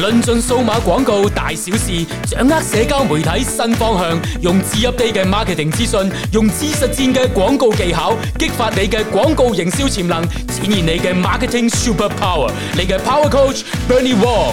論盡數碼廣告大小事，掌握社交媒體新方向，用最 update 嘅 marketing 資訊，用知實戰嘅廣告技巧，激發你嘅廣告營銷潛能，展現你嘅 marketing super power。你嘅 power coach Bernie Wall，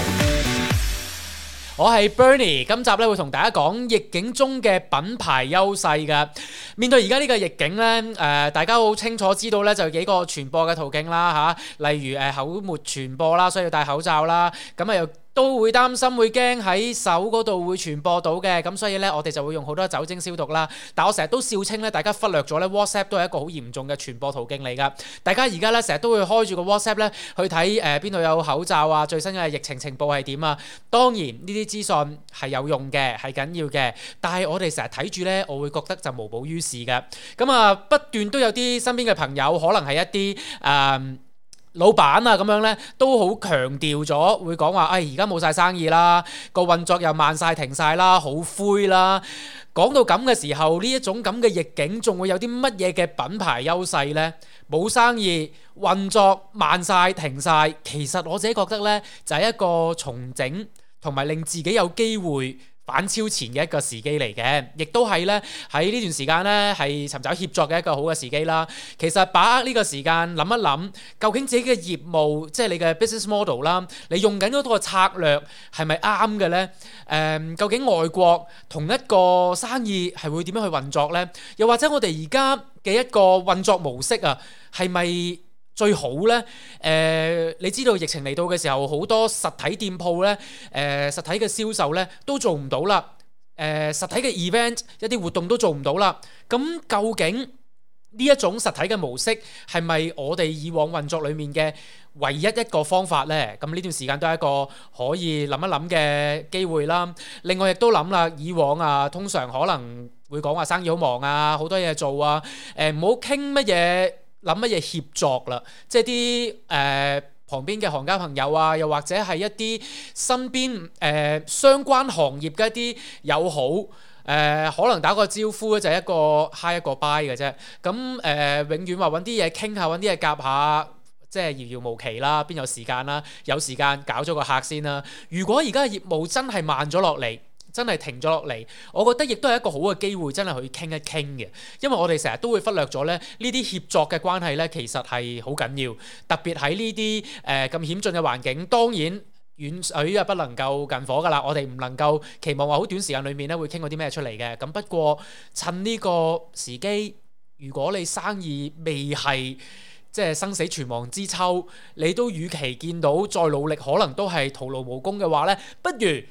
我係 Bernie，今集咧會同大家講逆境中嘅品牌優勢㗎。面對而家呢個逆境呢，誒、呃，大家好清楚知道呢，就幾個傳播嘅途徑啦，吓、啊，例如誒、呃、口沫傳播啦，需要戴口罩啦，咁啊又。都會擔心，會驚喺手嗰度會傳播到嘅，咁所以呢，我哋就會用好多酒精消毒啦。但我成日都笑稱咧，大家忽略咗咧 WhatsApp 都係一個好嚴重嘅傳播途徑嚟噶。大家而家咧成日都會開住個 WhatsApp 咧去睇誒邊度有口罩啊，最新嘅疫情情報係點啊？當然呢啲資訊係有用嘅，係緊要嘅，但係我哋成日睇住呢，我會覺得就無補於事嘅。咁啊，不斷都有啲身邊嘅朋友可能係一啲誒。呃老闆啊，咁樣呢都好強調咗，會講話，唉、哎，而家冇晒生意啦，個運作又慢晒停晒啦，好灰啦。講到咁嘅時候，呢一種咁嘅逆境，仲會有啲乜嘢嘅品牌優勢呢？冇生意，運作慢晒停晒。其實我自己覺得呢，就係、是、一個重整同埋令自己有機會。反超前嘅一個時機嚟嘅，亦都係呢。喺呢段時間呢，係尋找協作嘅一個好嘅時機啦。其實把握呢個時間，諗一諗究竟自己嘅業務，即係你嘅 business model 啦，你用緊嗰個策略係咪啱嘅呢？誒，究竟外國同一個生意係會點樣去運作呢？又或者我哋而家嘅一個運作模式啊，係咪？最好呢，誒，你知道疫情嚟到嘅時候，好多實體店鋪呢，誒，實體嘅銷售呢都做唔到啦，誒，實體嘅 event 一啲活動都做唔到啦。咁究竟呢一種實體嘅模式係咪我哋以往運作裡面嘅唯一一個方法呢？咁呢段時間都係一個可以諗一諗嘅機會啦。另外亦都諗啦，以往啊，通常可能會講話生意好忙啊，好多嘢做啊，誒，唔好傾乜嘢。諗乜嘢協作啦？即係啲誒旁邊嘅行家朋友啊，又或者係一啲身邊誒、呃、相關行業嘅一啲友好誒、呃，可能打個招呼咧，就係一個嗨一個 bye 嘅啫。咁誒、呃，永遠話揾啲嘢傾下，揾啲嘢夾下，即係遙遙無期啦，邊有時間啦？有時間搞咗個客先啦。如果而家嘅業務真係慢咗落嚟。真係停咗落嚟，我覺得亦都係一個好嘅機會，真係去傾一傾嘅。因為我哋成日都會忽略咗咧，呢啲協作嘅關係咧，其實係好緊要。特別喺呢啲誒咁險峻嘅環境，當然遠水啊不能夠近火㗎啦。我哋唔能夠期望話好短時間裏面咧會傾過啲咩出嚟嘅。咁不過趁呢個時機，如果你生意未係即係生死存亡之秋，你都與其見到再努力可能都係徒勞無功嘅話咧，不如。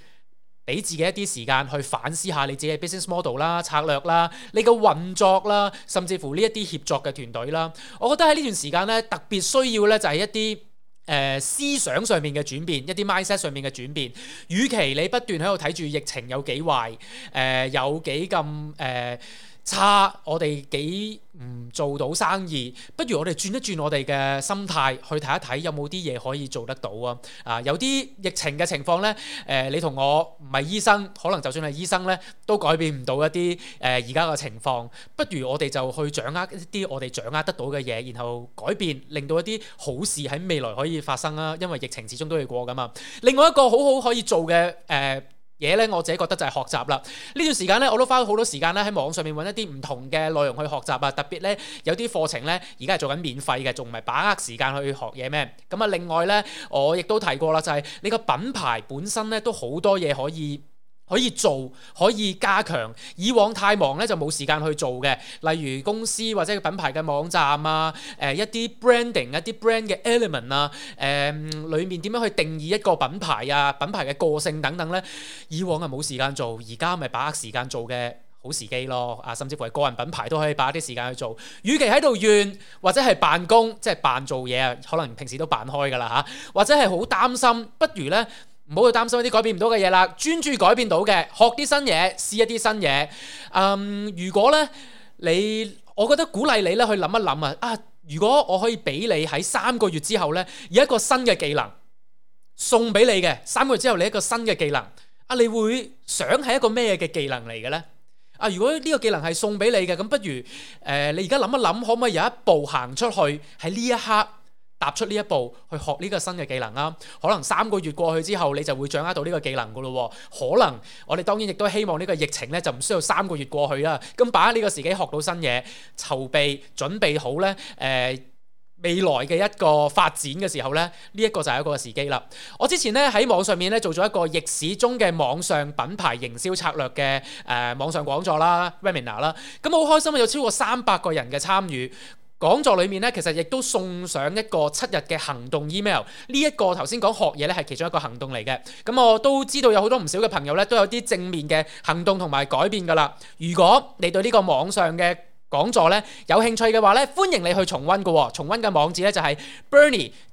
俾自己一啲時間去反思下你自己嘅 business model 啦、策略啦、你嘅運作啦，甚至乎呢一啲協作嘅團隊啦。我覺得喺呢段時間咧，特別需要咧就係、是、一啲誒、呃、思想上面嘅轉變，一啲 mindset 上面嘅轉變。與其你不斷喺度睇住疫情有幾壞，誒、呃、有幾咁誒。呃差我哋幾唔做到生意，不如我哋轉一轉我哋嘅心態去睇一睇有冇啲嘢可以做得到啊！啊，有啲疫情嘅情況呢，誒、呃，你同我唔係醫生，可能就算係醫生呢，都改變唔到一啲誒而家嘅情況。不如我哋就去掌握一啲我哋掌握得到嘅嘢，然後改變，令到一啲好事喺未來可以發生啊！因為疫情始終都會過噶嘛。另外一個好好可以做嘅誒。呃嘢咧，我自己覺得就係學習啦。呢段時間咧，我都花咗好多時間咧喺網上面揾一啲唔同嘅內容去學習啊。特別咧，有啲課程咧，而家係做緊免費嘅，仲唔係把握時間去學嘢咩？咁，嗯，啊，另外咧，我亦都提過啦，就係，是，你個品牌本身咧，都好多嘢可以。可以做，可以加強。以往太忙咧，就冇時間去做嘅。例如公司或者品牌嘅網站啊，誒一啲 branding、一啲 brand 嘅 element 啊，誒、呃、裏面點樣去定義一個品牌啊、品牌嘅個性等等呢？以往係冇時間做，而家咪把握時間做嘅好時機咯。啊，甚至乎係個人品牌都可以把握啲時間去做。與其喺度怨或者係辦公，即係辦做嘢，可能平時都辦開噶啦吓，或者係好擔心，不如呢。唔好去擔心一啲改變唔到嘅嘢啦，專注改變到嘅，學啲新嘢，試一啲新嘢。嗯，如果咧你，我覺得鼓勵你咧去諗一諗啊。啊，如果我可以俾你喺三個月之後咧，有一個新嘅技能送俾你嘅，三個月之後你一個新嘅技能，啊，你會想係一個咩嘅技能嚟嘅咧？啊，如果呢個技能係送俾你嘅，咁不如誒、呃，你而家諗一諗，可唔可以有一步行出去喺呢一刻？踏出呢一步去學呢個新嘅技能啦，可能三個月過去之後你就會掌握到呢個技能噶咯喎。可能我哋當然亦都希望呢個疫情咧就唔需要三個月過去啦。咁把握呢個時機學到新嘢，籌備準備好咧誒、呃、未來嘅一個發展嘅時候咧，呢、這、一個就係一個時機啦。我之前咧喺網上面咧做咗一個逆市中嘅網上品牌營銷策略嘅誒、呃、網上廣座啦、workshop 啦，咁、嗯、好開心有超過三百個人嘅參與。講座裏面咧，其實亦都送上一個七日嘅行動 email。呢一個頭先講學嘢咧，係其中一個行動嚟嘅。咁、嗯、我都知道有好多唔少嘅朋友咧，都有啲正面嘅行動同埋改變噶啦。如果你對呢個網上嘅講座咧有興趣嘅話咧，歡迎你去重温嘅喎。重温嘅網址咧就係、是、Bernie。